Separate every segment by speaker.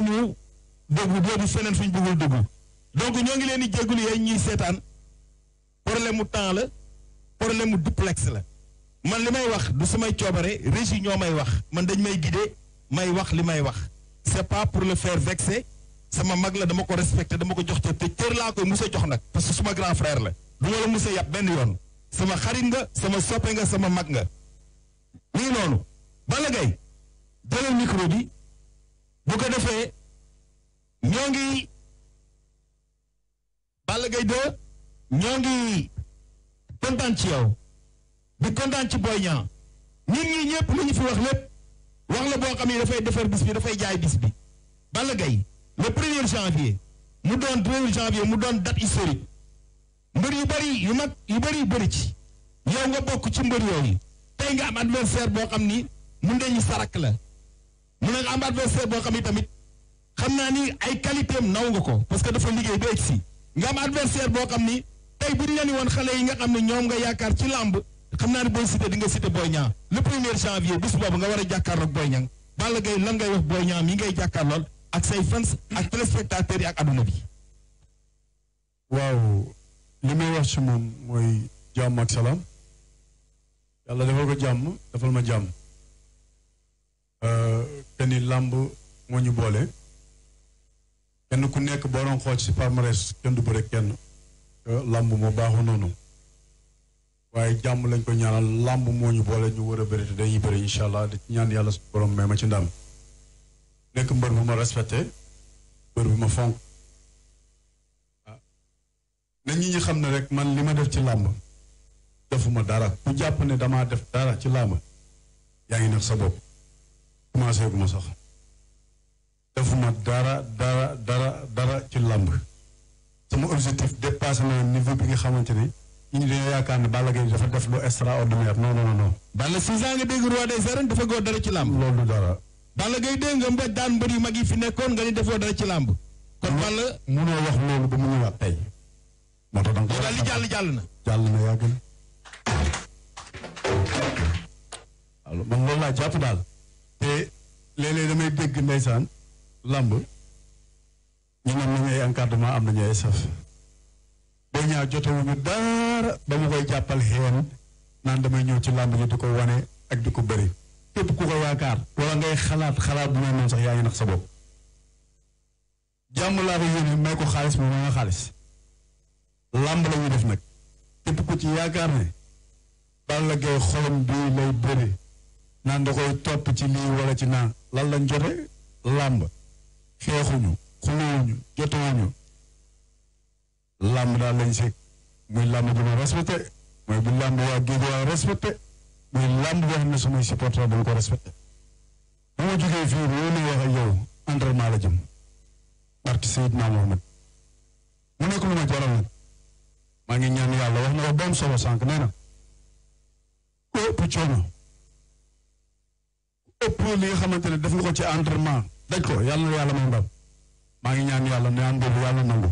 Speaker 1: nañu déglu boobu feneen fu ñu bëggul donc ñoo ngi leen di jégalu yéen ñuy seetaan problème mu temps la problème mu duplex la man li may wax du samay coobare régie ñoo may wax man dañ may guider may wax li may wax c'est pas pour le faire vexer sama mag la dama ko respecté dama ko jox te te cër laa koy musa jox nag parce que suma grand frère la du ma la musa yàpp benn yoon sama xarit nga sama soppe nga sama mag nga nii noonu Balla Gaye jëlal bu ko defee ñoo ngi Balla Gaye ngi kontaan ci yow di kontaan ci Boy Niang nit ñi ñëpp lu ñu fi wax lépp wax la boo xam ne dafay defar bis bi dafay jaay bis bi Balla Gaye le premier janvier mu doon premier janvier mu doon date historique mbër yu bari yu mag yu bëri yu bëri ci yow nga bokk ci mbër yi tey nga am adversaire boo xam ni mun nañu sarak la mu nekk am adversaire boo xam ni tamit xam naa ni ay qualité naw nga ko parce que dafa liggéey ba egg si nga am adversaire boo xam ni tey bu ñu ni woon xale yi nga xam ne ñoom nga yaakaar ci làmb xam naa ni booy cité di nga cité Boy Niang le premier janvier bés boobu nga war a jàkkaarloog Boy Niang Balla Gaye lan ngay wax Boy Niang mi ngay jàkkaarlool
Speaker 2: ak say fans ak téléspectateurs yi ak aduna bi. waaw li may wax si moom mooy jàmm ak salaam yàlla defal ko defal ma jàmm. que euh, ni làmb moo ñu boole kenn ku nekk boo doon xool ci palmarès kenn du bëre kenn euh, làmb moo baaxu noonu waaye jàmm lañ ko ñaanal làmb moo ñu boolee ñu war a bëri day dañuy bëri incha allah di ñaan yàlla su borom may ma ci ndam nekk mbër bu ma respecté mbër bu ma fonk ah. na ñi ñi xam ne rek man li ma def ci làmb defuma dara ku jàpp ne damaa def dara ci làmb yaa ngi nax sa bopp commencé gu ma sax defuma dara dara dara dara ci làmb sama objectif dépassé na niveau bi nga xamante ni ñu ngi yaakaar ne Balla Gaye dafa def lu extraordinaire non non non. Balla six ans nga dégg roi des dafa góor dara ci làmb. loolu dara. Balla Gaye dégg nga mbéj daan mbër yu mag yi fi
Speaker 1: nekkoon nga ni defoo dara ci làmb. kon Balla munoo wax loolu ba mu ñëwaat tey.
Speaker 2: moo tax donc daal jàll na. jàll na yàgg na. man loolu laa jàpp daal. te léeg damay dégg ndeysaan làmb ñu ne ñu ay encadrement am nañu ay saf boo ñaa jotewuñu dara ba mu koy jàppal xeen naan damay ñëw ci làmb ji di ko wane ak di ko bëri képp ku ko yaakaar wala ngay xalaat xalaat bu noonu sax yaa ngi nax sa bopp jàmm laa ko yónnee may ko xaalis moom nga xaalis làmb la def nag képp ku ci yaakaar ne Balla Gaye xolam bii lay bëri naan da koy topp ci lii wala ci naa lan lañ jote làmb xeexuñu xuluwuñu jotewuñu làmb daal lañ si muy làmb ji ma respecté mooy bu làmb waa géej waa muy làmb boo xam ne sumay supporter dañ ko respecté bu ma jógee fii mu ne wax ak yow entraînement la jëm parti Seydina Mohamed mu nekk lu ma jaral maa ngi ñaan yàlla wax na ko ba mu solo sànq nee na ëpp li nga xamante ne def nga ko ci entraînement daj ko yàlla na yàlla may ndam maa ngi ñaan yàlla ñaan boobu yàlla nangu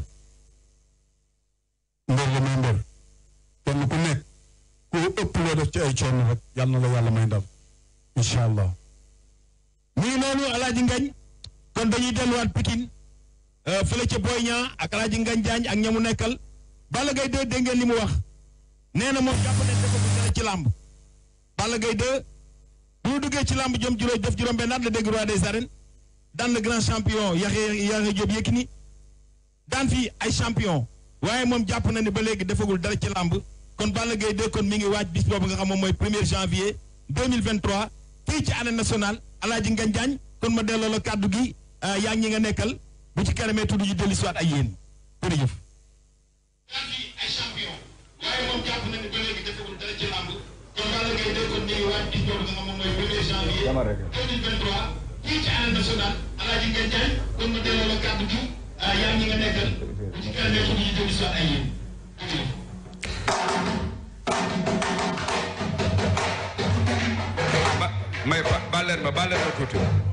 Speaker 2: mbër la may mbër kenn ku nekk ku ëpp loo def ci ay coono rek yàlla na la yàlla may ndam incha allah. mu ngi noonu Alaaji Ngañ kon dañuy
Speaker 1: delluwaat Pikine euh, fële ca Boy Niang ak Alaaji Ngañ Jaañ ak ñamu nekkal Balla gay 2 dégg li mu wax nee na moom jàpp ne ci làmb Balla Gaye 2 bu duggee ci làmb jom juróom def juróom benn at la dégg roi des arènes daan na grand champion Yaxya Yaxya Jóob Yékini daan fii ay champion waaye moom jàpp na ne ba léegi defagul dara ci làmb kon Balla Gaye 2 kon mi ngi waaj bis boobu nga xam moom mooy premier janvier 2023 fii ci année nationale Alaaji Ngagne Diagne kon ma delloo la kàddu gi euh, yaa ngi nga nekkal bu ci kanamee tudd ñu dellu si waat ak yéen jërëjëf
Speaker 3: waat di jox nga mooy premier janvier 2023 fii ci arène
Speaker 1: nationale Alaaji Ngagne Ndiaye kon ma delloo la kàddu gi ah, yaa ngi nga nekkal bu ci kànnee ko ñu jëli soit ay yéen
Speaker 3: may ba baleen ma baleen ma tuuti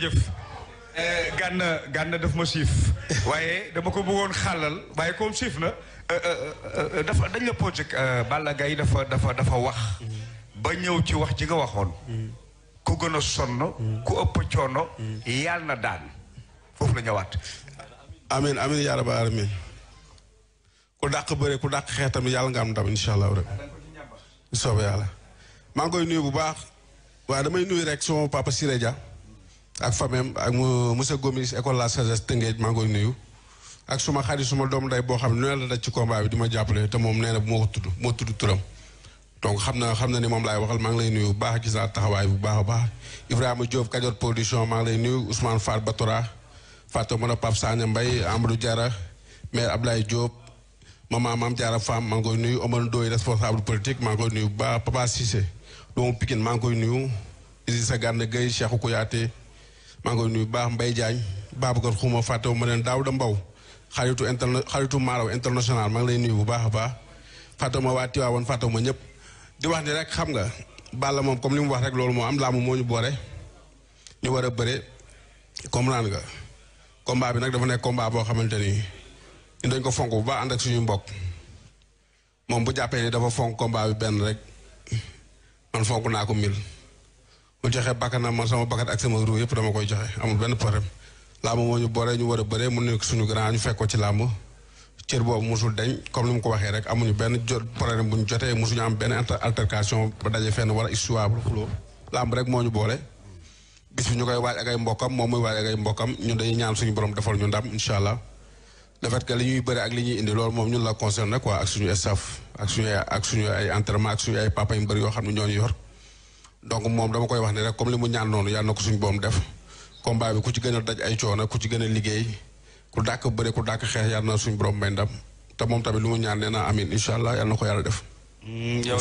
Speaker 3: jërëjëf gànn eh, gànn daf ma siif waaye dama ko bëggoon xàllal waaye comme siif na eh, eh, dafa dañ la pooj Balla Gaye dafa dafa dafa wax mm-hmm. ba ñëw ci wax ci nga waxoon mm-hmm. ku gën a sonn mm-hmm. ku ëpp coono yàlla na
Speaker 4: daan foofu la ñëwaat amin yàlla yaa rabbal alamin ku dàq bëre ku dàq xeex yàlla nga am ndam insha allah rek maa ngi koy nuyu bu baax waaye damay nuyu rek sama papa Siré Dia ak famem ak mu monsieur Gomis école la sagesse Tëngéej maa ngi koy nuyu ak suma xarit suma doom day boo xam ne nee la daj ci combat bi di ma jàppale te moom nee na bu ma ko tudd moo tudd turam donc xam na xam na ni moom laay waxal maa ngi lay nuyu bu baax gis naa taxawaay bu baax a baax Ibrahima Diop Kajoor production maa ngi lay nuyu Ousmane Fall Batora Fatou Mën a Pape Sagna mbay Amadou du jara mais ab maman Mame Diarra Fam maa ngi koy nuyu Omar Ndoye responsable politique maa ngi koy nuyu bu baax Papa Cissé doomu Pikine maa ngi koy nuyu Idrissa Gana Gueye Cheikhou Kouyaté maa ngi koy nuyu baax Mbaye Diagne Babacar Xuma fàttewu ma leen daaw da mbaw xaritu interna xaritu maaraw international maa ngi lay nuyu bu baax a baax fàttewu ma waa Tiwaawan fàttewu ma ñëpp di wax ni rek xam nga baala moom comme li mu wax rek loolu moo am laamu moo ñu boore ñu war a bëre comprendre nga combat bi nag dafa nekk combat boo xamante ni dañ ko fonk bu baax ànd ak suñu mbokk moom bu jàppee ni dafa fonk combat bi benn rek man fonk naa ko mil mu joxe bakkanam man sama bakkat ak sama ruu yëpp dama koy joxe amul benn problème làmb moo ñu boole ñu war a bëree mu nekk suñu ñu fekk ko ci làmb cër boobu musul dañ comme ni mu ko waxee rek amuñu benn jot problème bu ñu jotee musuñu am benn altercation ba daje fenn wala histoire bu xuloo làmb rek moo ñu boole bis bi ñu koy waaj ak ay mbokkam moom muy waaj ak ay ñun dañuy ñaan suñu borom defal ñu ndam incha allah le fait que li ñuy bëri ak li ñuy indi loolu moom ñun la concerné quoi ak suñu staff ak suñu ak suñu ay entraînement ak suñu ay papa yu bëri yoo xam ne ñoo ñu yor. donc moom dama koy wax ne rek comme li mu ñaan noonu yàlla na ko suñu boom def combat bi ku ci gën a daj ay coono ku ci gën a liggéey ku dàkk bëre ku dàkk xeex yàlla na suñu borom may te moom tamit lu mu ñaan nee naa amin incha allah yàlla na ko yàlla def. Mm, yow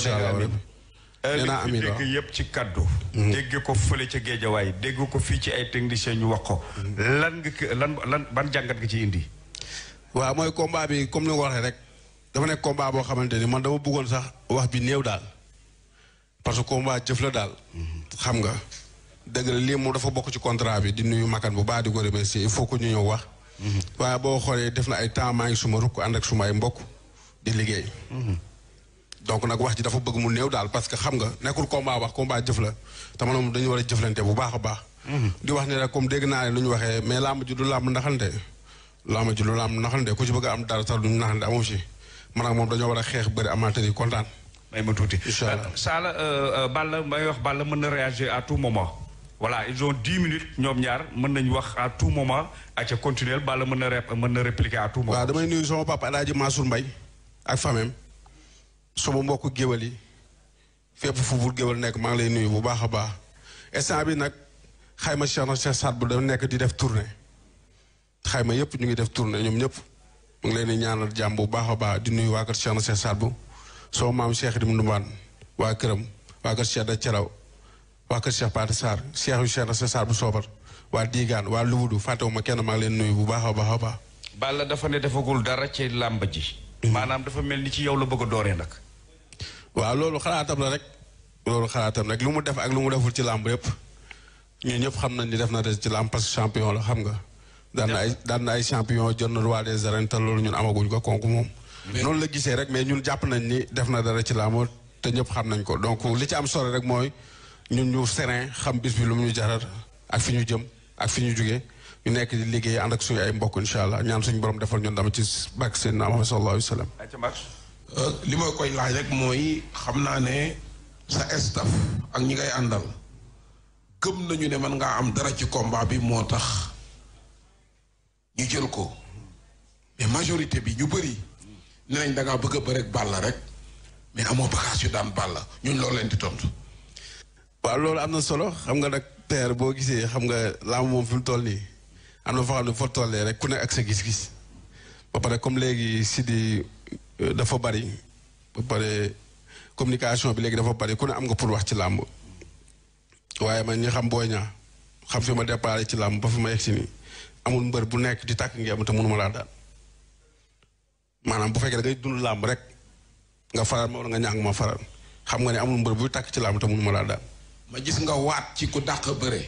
Speaker 4: euh, nee naa amin dégg
Speaker 3: yëpp ci kaddu. Mm-hmm. dégg ko fële ca géejawaay dégg ko fii ci ay techniciens ñu wax ko.
Speaker 4: Mm-hmm. lan nga lan lan ban jàngat nga ci indi. waaw mooy combat bi comme ni nga ko waxee rek dafa nekk combat boo xamante ni man dama bëggoon sax wax bi néew daal. parce que combat jëf la daal. xam nga dëgg lii moom dafa bokk ci contrat bi di nuyu makan bu baax di ko remercier il faut que ñu ñëw wax. waaye boo xoolee def na ay temps maa ngi suma rukk ànd ak suma ay mbokk di liggéey. donc nag wax ji dafa bëgg mu néew daal parce que xam nga nekkul combat wax combat jëf la te man dañu war a jëflante bu baax a baax. di wax ne rek comme dégg naa ne lu ñu waxee mais làmb ji du làmb ndaxante. làmb ji du ku ci bëgg am dara sax du ñu naxante amu si man ak moom dañoo war a xeex bëri amateur kontaan. may ma tuuti euh, Saala euh, euh,
Speaker 3: Balla may wax Balla mën na
Speaker 4: réagir à tout moment
Speaker 3: voilà ils ont dix minutes ñoom ñaar mën nañu wax à tout moment acca continuer Balla mën na mën na répliquer à tout moment waaw damay
Speaker 4: nuyu sama papa El Hadji Mansour Mbaye ak famem sama mbokk géwél yi fépp fu bul géwél nekk maa ngi lay nuyu bu baax a baax instant bi nag xayma Cheikh na Cheikh Saad bu dafa nekk di def tournée xayma yëpp ñu ngi def tournée ñoom ñëpp mu ngi leen di ñaanal jàmm bu baax a baax di nuyu waa kër Cheikh soo maam Cheikh Ibrahima Ndumbaan waa këram waa kër Cheikh da Caraw waa kër Cheikh Pate Sarr Cheikh yu Cheikh na Sarr bu soobar waa Digaan waa Lubudu fàttewuma kenn maa ngi leen nuyu bu baax a baax a baax.
Speaker 3: Balla dafa ne defagul dara ci làmb ji.
Speaker 4: Mhm. maanaam dafa mel ni ci yow la bëgg a dooree nag. waaw loolu xalaatam la rek. loolu xalaatam rek lu mu def ak lu mu deful ci làmb yëpp ñun ñëpp xam nañ ni def na des ci làmb parce que la xam nga. daan ay daan ay champion jot na roi des loolu ñun amaguñ ko konku moom. noonu la gisee rek mais ñun jàpp nañ ni def na dara ci moo te ñëpp xam nañ ko donc li ci am solo rek mooy ñun ñu serein xam bis bi lu mu ñu jaral ak fi ñu jëm ak fi ñu jugee ñu nekk di liggéey ànd ak suñu ay mbokk incha allah suñu borom defal ñun dama ci bàkk seen na Muhammad sallallahu alayhi wasallam euh, li ma koy laaj rek mooy xam naa ne sa staff ak ñi ngay àndal gëm nañu ne man ngaa am dara ci combat bi moo tax ñu jël ko mais majorité bi ñu bëri ne nañ da ngaa bëgg a bëreeg Balla rek mais amoo bagage yu daan Balla ñun loolu leen di tontu. waaw loolu am na solo xam nga nag père boo gisee xam nga làmb moom fi toll nii am na foo xam ne foo tollee rek ku nekk ak sa gis ba pare comme léegi Sidi euh, dafa bari ba pare communication bi léegi dafa bari ku ne am nga pour wax ci làmb waaye man ñi xam booy ñaa xam fi ma déparé ci làmb ba fi ma yegg si nii amul mbër bu nekk di tàkk ngeen te mënuma laa daan. maanaam bu fekkee da ngay dund làmb rek nga faral ma wala nga ñàkk ma faral xam nga ne amul mbër buy tàkk ci làmb te mënu ma laa daal. ma gis nga waat ci ku dàq bëre.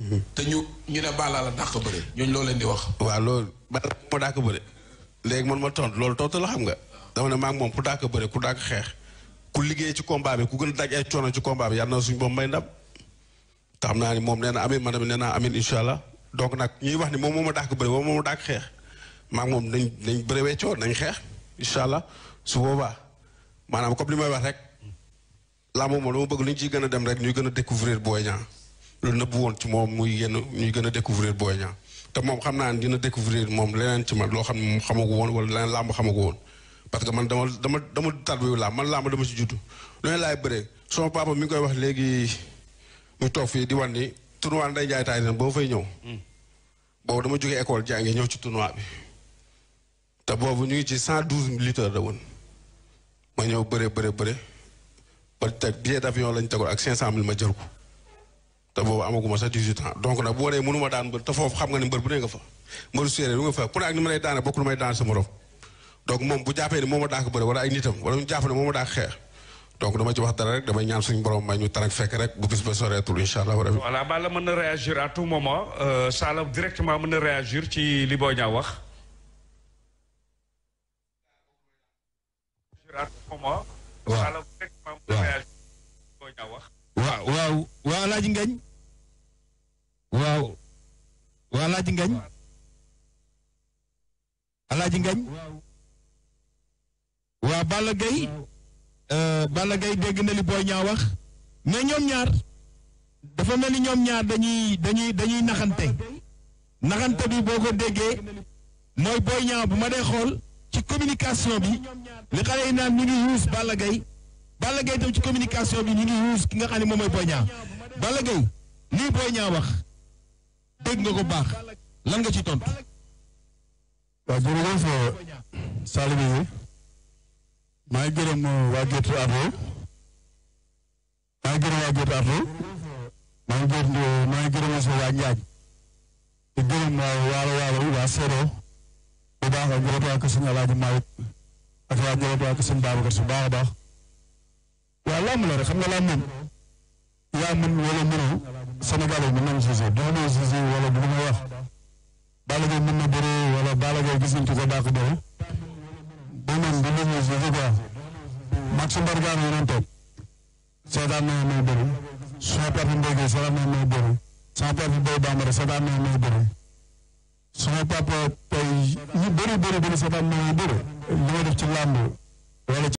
Speaker 4: Mhm. te ñu ñu ne Balla la dàq bëre ñooñu loo leen di wax. waaw loolu Balla moo dàq bëre léegi man ma tontu loolu tontu xam nga. dama ne maa moom ku dàq bëre ku dàq xeex ku liggéey ci combat bi ku gën a daj ay coono ci combat bi yàlla na suñu boom may ndam te xam naa ni moom nee na amin ma dem nee naa amin incha ñuy wax ni moom moo ma dàq bëre moom maa moom dañ dañ bëre weccoo dañ xeex incha allah su boobaa maanaam comme li may wax rek laa moom dama bëgg lu ñu ciy gën a dem rek ñuy gën a découvrir boo Niang lu nëbbu woon ci moom muy yenn ñuy gën a découvrir Boy Niang te moom xam naa ne dina découvrir moom leneen ci man loo xam ne moom xamagu woon wala leneen làmb xamagu woon parce que man dama dama dama tar bi làmb man làmb dama si juddu lu ne laay bëree sama papa mi ngi koy wax léegi mu toog fii di wan ni tournoi Ndeye Ndiaye taay boo fay ñëw hmm. boobu dama jógee école jàngi ñëw ci tournoi bi te boobu ñu ngi ci cent douze litres da woon ma ñëw bëre bëre bëre ba te billet d'avion lañ tegoon ak cinq cent mille ma jël ko te boobu amaguma sax dix-huit ans donc nag boo nee mënuma daan mbër te foofu xam nga ne mbër bu ne nga fa mbëru séeréer lu nga fa ku ne ak ni ma lay daane bokk may daan sa morom donc moom bu jàppee ne moo ma daak bëre wala ay nitam wala ñu jàpp ne moo ma daak xeex donc dama ci dara rek damay ñaan suñu borom may ñu tarak fekk rek bu bis
Speaker 3: moom.
Speaker 1: waaw waaw laaj waaw Alaaji Ngañ. waaw. waaw Alaaji Ngañ. Alaaji Ngañ. waaw Balla Gaye. Euh, Balla Gaye dégg na li Boy Niang wax mais ñoom ñaar dafa mel ni ñoom ñaar dañuy dañuy dañuy naxante naxante bi boo ko déggee mooy Boy Niang bu ma dee xool. ci communication bi li xale yi naan ñu ngi yuus Balla Gaye Balla Gaye tam ci communication bi ñu ngi yuus ki nga xam ne
Speaker 2: moom mooy Boy Niang Balla Gaye lii Boy Niang wax dégg nga ko baax lan nga ci tontu. waaw jërëjëf euh, Saliou Gueye maa gërëm euh, waa Gétt Ardo maa ngi gërëm waa Gétt Ardo maa ngi gërëm euh, maa ngi gërëm waa Njaaj di gërëm waa Waalo Waalo waa Sero bu baax a njëriñu ak sëñ Alaaji Maalik ak waa njëriñu ak sëñ Babacar baax a baax waaw làmb la rek xam nga làmb moom yaa mën wala mënoo Sénégalais mën nañu gisee du ma gisee wala wax Balla Gaye mën na bëree wala Balla Gaye gis nañu ko dàq bëri ba man du ma gisee quoi mag su mbargaan yi doon toog seetaan naa may bëri soo perte mbéy mi seetaan naa may bëri sans perte mbéy bambara may bëri. suma papa tey ñu bëri bëri bëri seetaan na bëri li nga def ci làmb wala